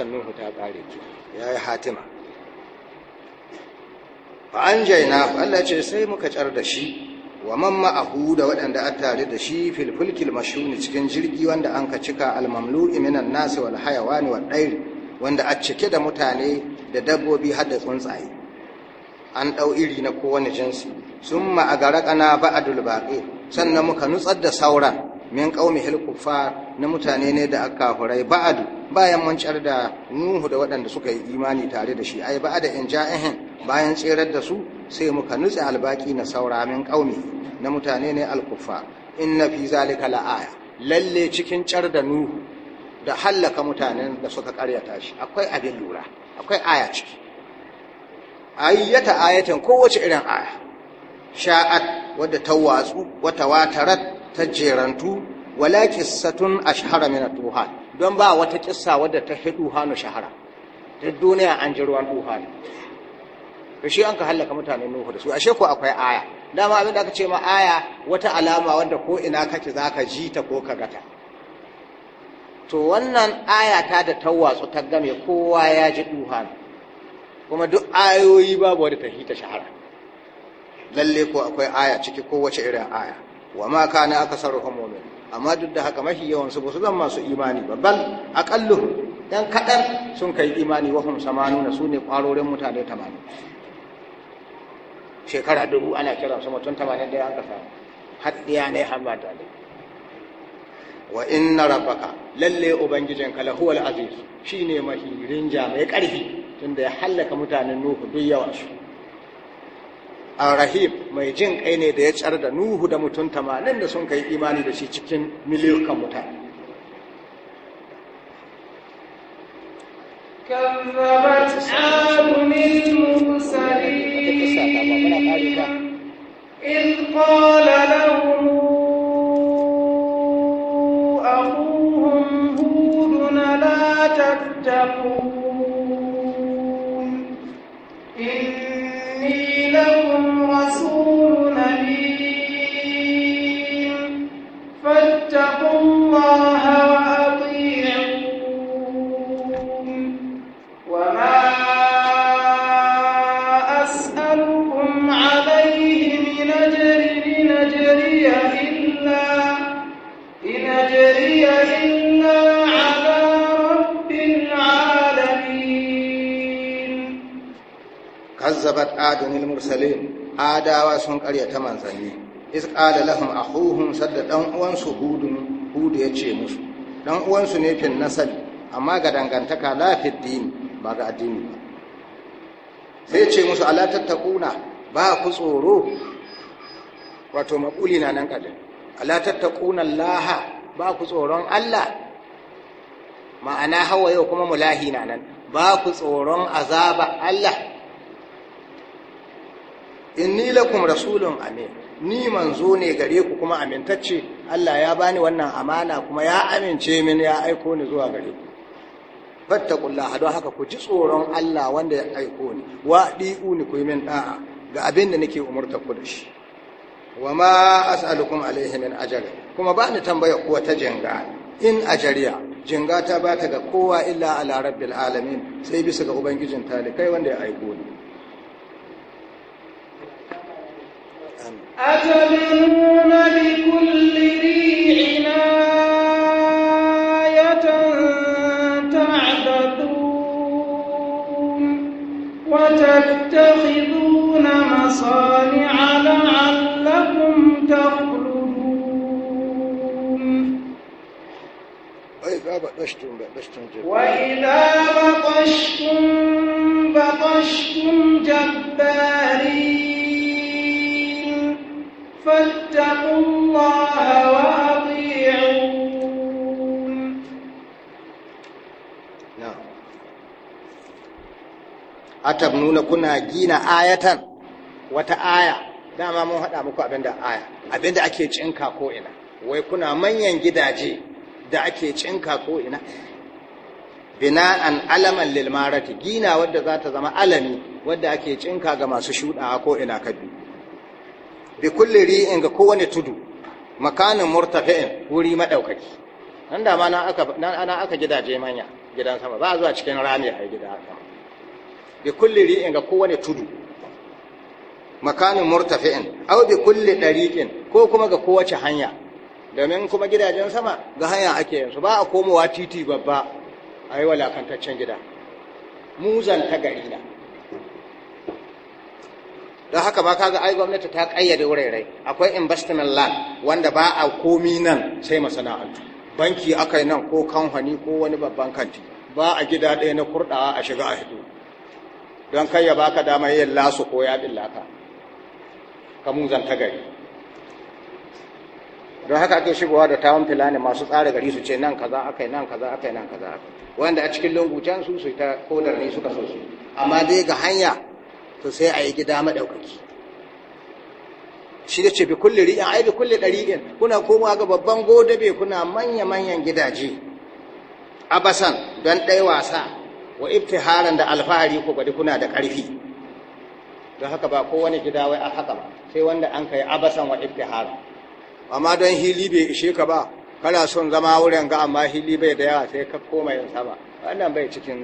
Nuhu ta ƙare ya yi hatima fa an na Allah ce sai muka tsar da shi wa man ma'ahu da waɗanda a tare da shi filfilkil mashuni cikin jirgi wanda an ka cika almamlu iminan minan nas wal hayawani wal ɗairi wanda a cike da mutane da dabbobi har da tsuntsaye an ɗau iri na kowane jinsi sun gara ƙana ba'adul baƙi sannan muka nutsar da sauran min ƙaumi hilkufar na mutane ne da aka hurai ba'adu bayan mancar da nuhu da waɗanda suka yi imani tare da shi ai ba'ada in ja'ihin bayan tserar da su sai muka nutse albaki na saura min na mutane ne alkuffa inna fi zalika la'aya lalle cikin car da nuhu da hallaka mutanen da suka karyata shi akwai abin lura akwai aya ciki ayyata ayatan kowace irin aya sha'at wadda ta watsu wata watarat ta jerantu wala qissatun ashhara min at-tuhan don ba wata kissa wadda ta hidu hanu shahara duk duniya an ji ruwan tuhan to shi an ka halaka mutanen nuhu da su ashe ko akwai aya dama abin da aka ce ma aya wata alama wadda ko ina kake zaka ji ta ko ka gata to wannan aya ta da tawatsu ta game kowa ya ji duhan kuma duk ayoyi babu wadda ta hita shahara lalle ko akwai aya ciki kowace irin aya wa ma kana akasaruhum mu'min amma duk da haka mafi yawan su ba su zan masu imani ba bal aqalluhum dan kaɗan sun kai imani wa na su sune kwarorin mutane tamanin shekara dubu ana kira su mutum tamanin da an kasa haddiya ne hamma da wa inna rabbaka lalle ubangijin la huwal aziz shine mahirin jami'ai ƙarfi tunda ya hallaka mutanen nuhu duk yawan su rahim mai jin kai ne da ya tsar da nuhu da mutum tamanin da sun kai imani da shi cikin miliyokan mutane كذبت عاد لا تتقون وأطيعون وما أسألكم عليه من أجري إلا إلا على رب العالمين كذبت عاد المرسلين عاداوا واسهم قريه تمنزني إذ قال لهم أخوهم سد دان uwansu hudu ya ce musu dan uwansu ne fin nasabi amma ga dangantaka lafiyar dini ba ga addini ba sai ce musu ala tattakuna ba ku tsoro wato maƙuli na nan ƙadin ala tattakuna laha ba ku tsoron Allah ma'ana hawa yau kuma mulahi na nan ba ku tsoron azaba Allah inni lakum rasulun amin ni manzo ne gare ku kuma amintacce Allah ya bani wannan amana kuma ya amince min ya aiko ni zuwa gare ku fattaqullaha don haka ku ji tsoron Allah wanda ya aiko ni wa ni ku yi min da'a ga abin da nake umurta ku da shi wa ma as'alukum alayhi min ajr kuma ba ni tambaya ku ta jinga in ajariya jinga ta bata ga kowa illa ala rabbil alamin sai bisa ga ubangijin kai wanda ya aiko ni أتبنون لكل ريع آية تعبدون وتتخذون مصانع لعلكم تخلدون وإذا بطشتم بطشتم وإذا بطشتم بطشتم جبارين فاتقوا الله وأطيعون نعم أتبنون كنا جينا آية وتآية dama mun haɗa muku abinda aya abinda ake cinka ko ina wai kuna manyan gidaje da ake cinka ko ina bina'an alaman lilmarati gina wadda za ta zama alami wadda ake cinka ga masu shuɗawa ko ina kabi bi kulli ri'in ga kowane tudu makanin murtafi'in wuri madaukaki nan da ma nan aka nan ana aka gidaje manya gidan sama ba zuwa cikin rami har gida sama. bi kulli ri'in ga kowane tudu makanin murtafi'in aw bi kulli dariqin ko kuma ga kowace hanya domin kuma gidajen sama ga hanya ake yanzu ba a komowa titi babba a yi walakantaccen gida muzan ta gari na don haka ba kaga ai gwamnati ta kayyade wurare akwai investment land wanda ba a komi nan sai masana'antu banki aka yi nan ko kamfani ko wani babban kanti ba a gida ɗaya na kurɗawa a shiga a hito don kai ya baka dama yin lasu ko ya billaka ka muzan ta gari don haka ake shigowa da tawon filani masu tsara gari su ce nan kaza yi nan kaza yi nan kaza wanda a cikin lungu can su su ta kodar ne suka so su amma dai ga hanya to sai a yi gida maɗaukaki shi da ce bi kulle ri'in ai bi kulle ɗari'in kuna komawa ga babban godabe kuna manya-manyan gidaje abasan don ɗai wasa wa haran da alfahari ko gwadi kuna da ƙarfi don haka ba kowane gida wai a haka ba sai wanda an kai abasan wa haran. amma don hili bai ishe ka ba kana son zama wurin ga amma hili bai da yawa sai ka koma yin sama wannan bai cikin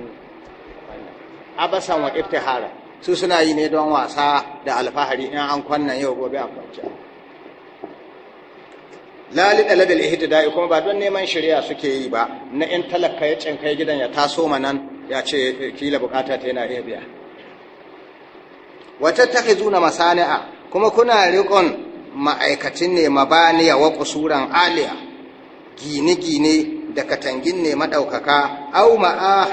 wannan abasan wa haran. su suna yi ne don wasa da alfahari in an kwanna yau gobe a kwanciya lali dalabil da'i kuma ba don neman shirya suke yi ba na in talaka ya cinkai gidan ya taso manan ya ce kila bukata ta yana iya biya wata zuna masani'a kuma kuna rikon ma'aikacin ne mabaniya wa kusuran aliya gine-gine da katangin ne maɗaukaka au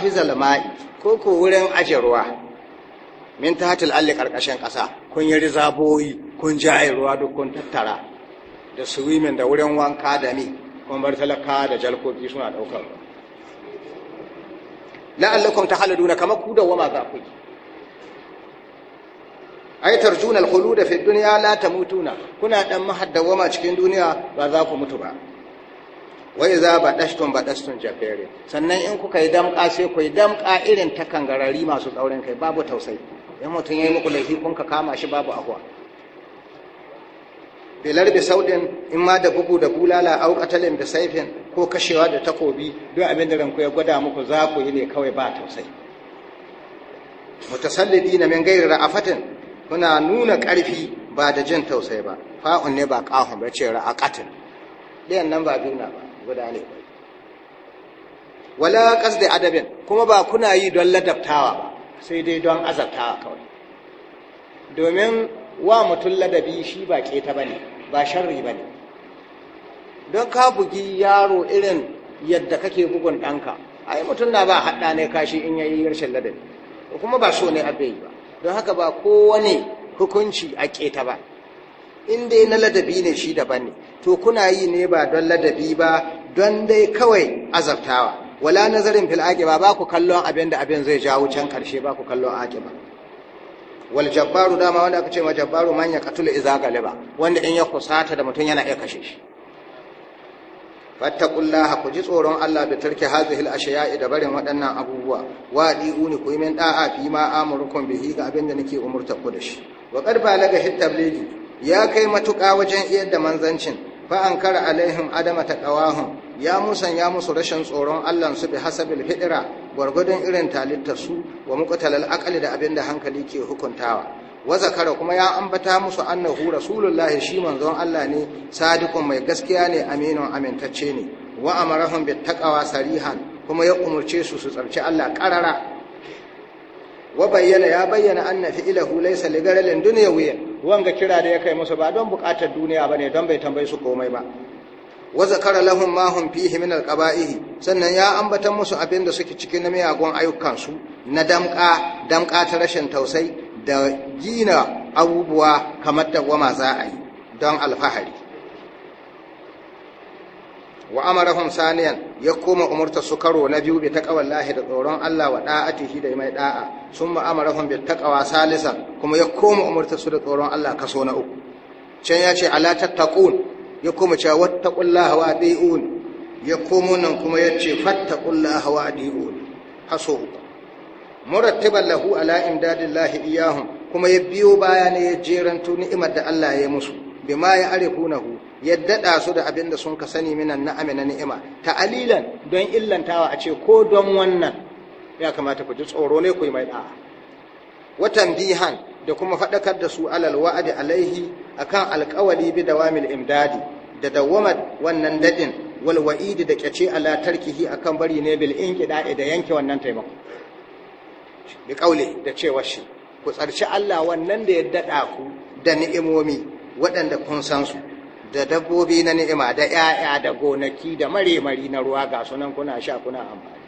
hizal ma'i ko wurin aje ruwa min tahtil alli karkashin kasa kun yi rizaboyi kun jaye ruwa duk kun tattara da suwimin. da wurin wanka da mi kun bar talaka da jalkofi suna daukar ruwa la'allakum tahalluduna kama ku da wama za ku yi ai tarjuna alkhuluda fi dunya la tamutuna kuna dan mahaddawama cikin duniya ba za ku mutu ba wa idza badashtum badashtum jafere. sannan in kuka yi damka sai ku yi damka irin takangarari masu tsaurin kai babu tausayi in mutum ya yi muku laifi kun ka kama shi babu ahuwa bilar bi saudin in ma da bugu da bulala au qatalin da saifin ko kashewa da takobi duk abin da ranku ya gwada muku za ku yi ne kawai ba tausayi na min a ra'afatin kuna nuna karfi ba da jin tausayi ba fa'un ne ba qahun ba ce ra'aqatin ɗayan nan ba ba guda ne wala da adabin kuma ba kuna yi don ladabtawa ba sai dai don azabta kawai domin wa mutum ladabi shi ba keta ba ne ba sharri bane. don ka bugi yaro irin yadda kake bugun ɗanka a yi mutum na ba haɗa ne kashi in yayi yarshen ladabi kuma ba so ne abin yi ba don haka ba kowane hukunci a keta ba in dai na ladabi ne shi daban ne to kuna yi ne ba don ladabi ba don dai kawai azabtawa wala nazarin fil aqiba ba ku kallon abin da abin zai jawo can karshe ba ku kallon aqiba wal jabbaru dama wanda aka ce ma jabbaru man ya katula iza galiba wanda in ya kusata da mutum yana iya kashe shi fattaqullaha ku ji tsoron Allah da tarki al ashiya'i da barin waɗannan abubuwa wa uni ku yi min da'a fi ma amurukum bihi ga abin da nake umurta ku da shi wa qad balaga hit ya kai matuƙa wajen iyar da manzancin fa ankara alaihim adama taqawahum ya musanya musu rashin tsoron Allah su bi hasabil fidira gwargwadon irin talittar su wa muqtalal aqli da abinda hankali ke hukuntawa wa zakara kuma ya ambata musu annahu rasulullahi shi manzon Allah ne sadiqun mai gaskiya ne aminun amintacce ne wa amarahum bit taqwa sarihan kuma ya umurce su su tsarci Allah karara wa bayyana ya bayyana anna fi'lahu laysa li garalin dunyawiyin wanga kira da ya kai musu ba don bukatar duniya bane don bai tambaye su komai ba wa zakara lahum ma hum fihi min sannan ya ambata musu abin da suke cikin na miyagun ayyukansu na damƙa damƙa ta rashin tausayi da gina abubuwa kamar da goma za a yi don alfahari wa amarahum saniyan ya koma umurta su karo na biyu bi taqwallahi da tsoron Allah wa shi da mai da'a ma amarahum bi taqwa salisan kuma ya koma umurta su da tsoron Allah kaso na uku can ya ce ala tattaqun ya koma cewa wattaqullaha wa adiun ya komo nan kuma yace fattaqullaha wa adiun haso murattiban lahu ala lahi iyahun kuma ya biyo baya ne ya jeranto ni'imar da Allah ya yi musu bima ya arifunahu ya daɗa su da abin da sun ka sani minan na'ami na ni'ima ta'alilan don illantawa a ce ko don wannan ya kamata ku ji tsoro ne ku yi mai da'a watan bihan da kuma faɗakar da su alal wa'adi alaihi akan alƙawali bi dawamil imdadi da dawwama wannan dadin wal wa'idi da kyace ala tarkihi akan bari ne bil inqida'i da yanke wannan taimako bi da cewa shi ku tsarci Allah wannan da ya daɗa ku da ni'imomi waɗanda kun san su da dabbobi na ni'ima da 'ya'ya da gonaki da maremari na ruwa ga sunan kuna sha kuna amfani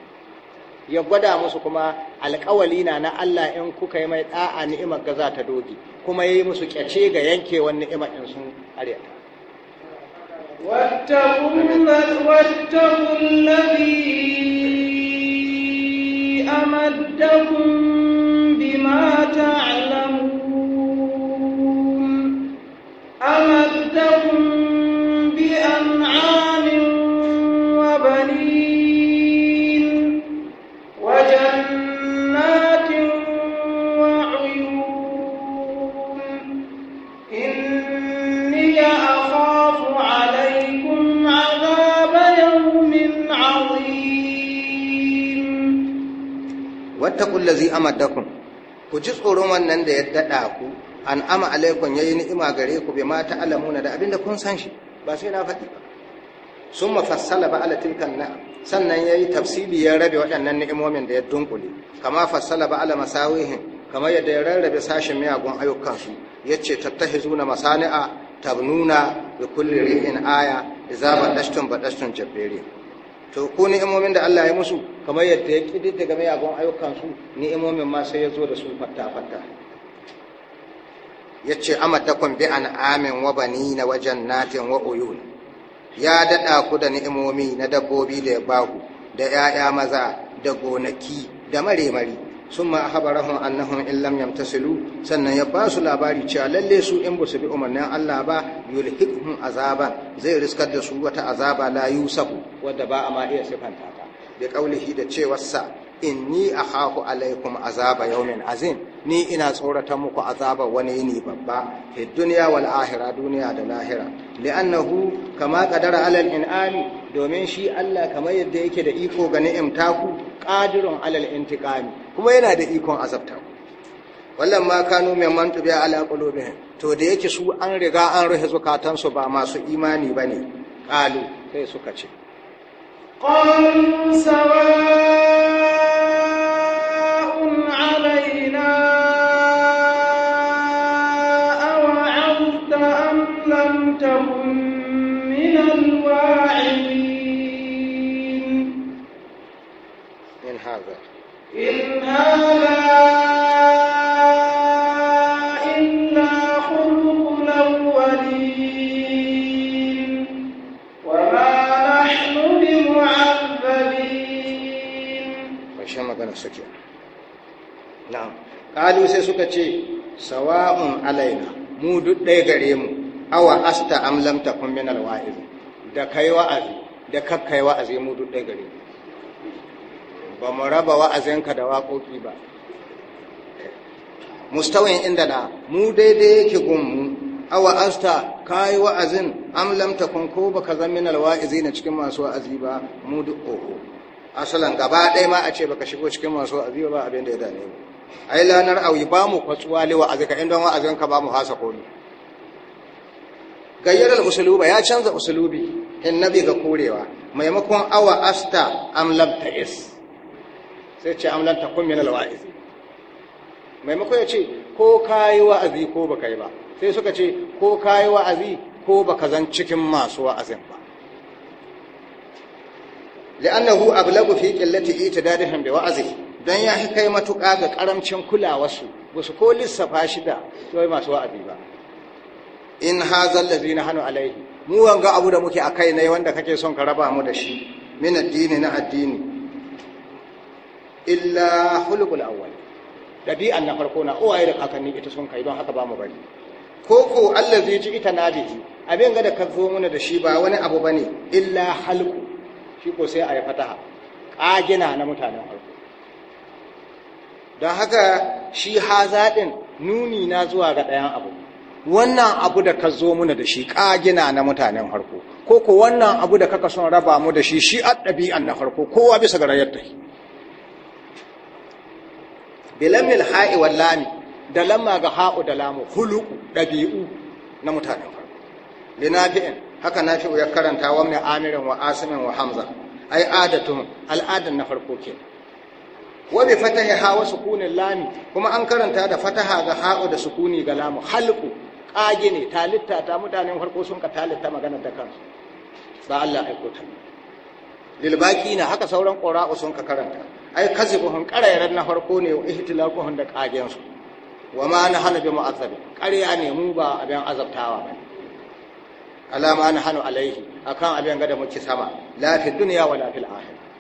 ya gwada musu kuma alƙawali na na Allah in kuka yi mai da'a ni'imar ga za ta doge kuma yayi musu kyace ga yankewan ni'imar in sun areta واتقوا واتقوا الذي أمدكم wattaqul ladzi amadakum ku ji tsoron wannan da ya dada ku an ama ya yayi ni'ima gare ku bai mata alamuna da abinda kun san shi ba sai na faɗi ba sun mafassala ba ala na sannan yayi tafsili ya rabe waɗannan ni'imomin da ya dunkule kama fassala ba ala masawihin kamar yadda ya rarrabe sashen miyagun ayyukansu yace zuna masani'a tabnuna bi kulli ri'in aya idza ba badashtum jabbari to ni'imomin da Allah ya musu kamar yadda ya kididdiga mayagun ayyukansu ni'imomin ma sai ya zo da su fatta-fatta ya ce kun bi an amin wa bani na wajen natin wa uyun ya daɗa ku da ni'imomi na dabbobi da ya baku da ‘ya'ya maza da gonaki da mare mare sun ma ahabarahun annahun illam yamtasilu sannan ya ba su labari cewa lalle su in ba su bi umarnin Allah ba yulhiqhum azaba zai riskar da su wata azaba la yusafu wadda ba a ma iya sifanta ta da cewarsa in ni a akhafu alaikum azaba yawmin azim ni ina tsorata muku azaba wani yini babba fi dunya wal akhirah duniya da lahira li'annahu kama qadara alal in'ami domin shi Allah kamar yadda yake da iko ga ni'imtaku qadirun alal intiqami kuma yana da ikon azabta ku wallan ma kanu min man tubiya ala qulubihim to da yake su an riga an rufe zukatan su ba masu imani bane qalu sai suka ce qul sawa'un alay qalu sai suka ce sawa'un alaina mu duk ɗaya gare mu awa asta am lam takun min da kai wa'azi da kakkai wa'azi mu duk ɗaya gare mu ba mu raba wa'azinka da waƙoƙi ba mustawin inda na mu daidai yake gunmu awa asta ka yi wa'azin amlam takun ko ba ka zama minal na cikin masu wa'azi ba mu duk oho asalan gaba ɗaya ma a ce baka shigo cikin masu wa'azi ba abin da ya dane mu ai lanar auyi ba mu kwatsuwa lewa a zika inda wa'azin ka ba mu hasa koli gayyar usuluba ya canza usulubi nabi ga korewa maimakon awa asta amlam is. sai ce amlan takun min alwa'iz maimakon ya ce ko kayi wa'azi ko baka yi ba sai suka ce ko kayi wa'azi ko baka zan cikin masu wa'azin ba li'annahu ablagu fi qillati itidadihim bi wa'azi dan ya shi kai matuka ga karamcin kulawarsu ba su ko lissafa shi da sai masu wa'azi ba in hazal ladina hanu alaihi mu wanga abu da muke a akai yi wanda kake son ka raba mu da shi min addini na addini illa hulukul awwal ɗabi'an na farko na uwaye da kakanni ita sun kai don haka ba mu bari ko ko zai ji ita nabihi abin ga da ka zo mana da shi ba wani abu bane illa halku shi ko sai a yi fataha kagina na mutanen farko don haka shi ha zaɗin nuni na zuwa ga ɗayan abu wannan abu da ka zo muna da shi ƙagina na mutanen harko ko ko wannan abu da kaka son raba mu da shi shi a ɗabi'an na farko kowa bisa ga rayar ta bilamil ha'i wal lami da lamma ga ha'u da lamu huluku dabi'u na mutanen farko linafi'in haka nafi'u ya karanta wa mai amirin wa asimin wa hamza ai adatun al'adan na farko ke. wa bi fatahi ha wa sukunin lami kuma an karanta da fataha ga ha'u da sukuni ga lamu halqu kage ne talitta ta mutanen farko sun ka talitta magana da kansu ba Allah ta. lil na haka sauran qura'u sun ka karanta ai kazibuhum qarairan na farko ne wa ihtilaquhum da kagen su wa ma hana bi mu'azzab qarya ne mu ba abin azabtawa ba alama hanu alaihi akan abin gada muke sama la fi dunya wala fil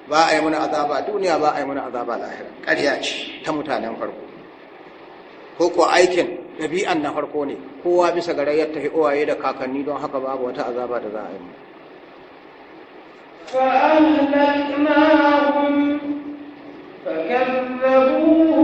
ba a yi azaba duniya ba a yi mana azaba lahira ƙarya ce ta mutanen farko ko ko aikin ɗabi'an na farko ne kowa bisa ga rayar ta uwaye da kakanni don haka babu wata azaba da za a yi mu فكذبوه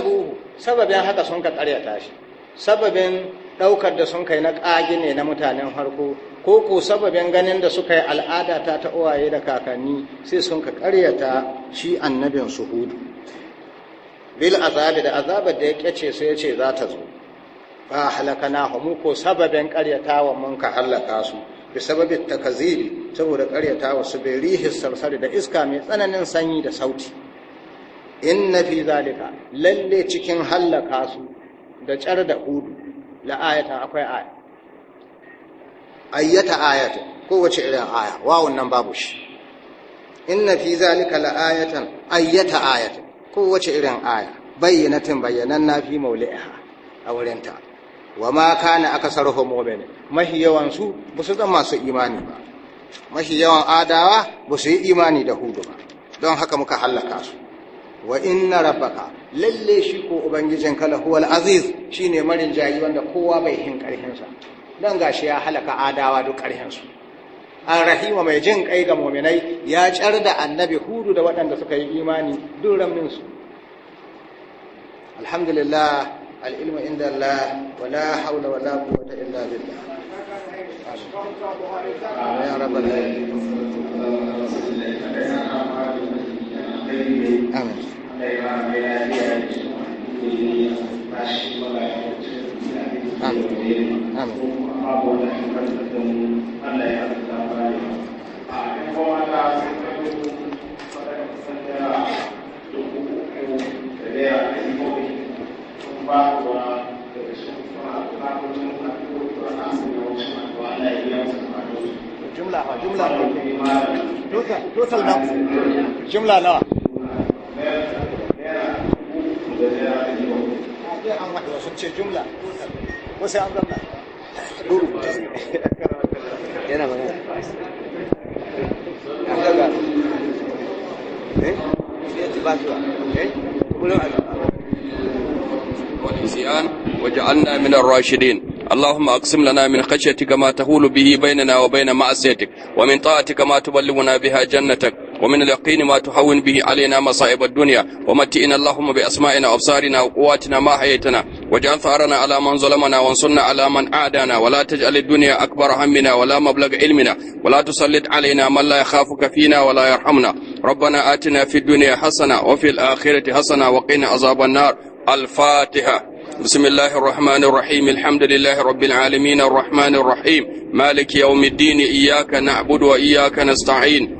kazzabuhu sababin haka sun ka karyata shi sababin daukar da sun kai na kage ne na mutanen harko ko ko sababin ganin da suka yi al'ada ta ta uwaye da kakanni sai sun ka karyata shi annabin su bil azabi da azabar da ya kyace su ya ce za ta zo ba halakana mu ko sababin wa mun ka halaka su bi sababi takaziri saboda karyatawa su bai rihis sarsari da iska mai tsananin sanyi da sauti inna fi zalika lalle cikin hallaka su da car da hudu la ayata akwai aya ayyata ayata kowace irin aya wawun nan babu shi inna fi zalika la ayatan ayyata ayata, kowace irin aya bayyanatin bayyanan na fi mauli'iha a wurinta wa ma kana akasaruhum mu'minin mahi yawan su ba su zama masu imani ba mahi yawan adawa ba su yi imani da hudu ba don haka muka hallaka su wa inna rabbaka lalle shi ko ubangijin kala al aziz shine marin jayi wanda kowa bai hin karhin sa dan gashi ya halaka adawa duk karhin su rahima mai jin kai ga mu'minai ya tsar da annabi hudu da waɗanda suka yi imani duk ramin su alhamdulillah alilmu inda Allah wala wa wala quwwata illa billah ya rabbal alamin Amin. Amin. Amin. jumla jumla total total na jumla nawa ونسيان وجعلنا من الراشدين اللهم أقسم لنا من خشيتك ما تهول به بيننا وبين معصيتك ومن طاعتك ما تبلغنا بها جنتك ومن اليقين ما تهون به علينا مصائب الدنيا ومتئنا اللهم بأسمائنا وأبصارنا وقواتنا ما حييتنا واجعل ثأرنا على من ظلمنا وانصرنا على من عادانا ولا تجعل الدنيا أكبر همنا ولا مبلغ علمنا ولا تسلط علينا من لا يخافك فينا ولا يرحمنا ربنا آتنا في الدنيا حسنة وفي الآخرة حسنة وقنا عذاب النار الفاتحة بسم الله الرحمن الرحيم الحمد لله رب العالمين الرحمن الرحيم مالك يوم الدين إياك نعبد وإياك نستعين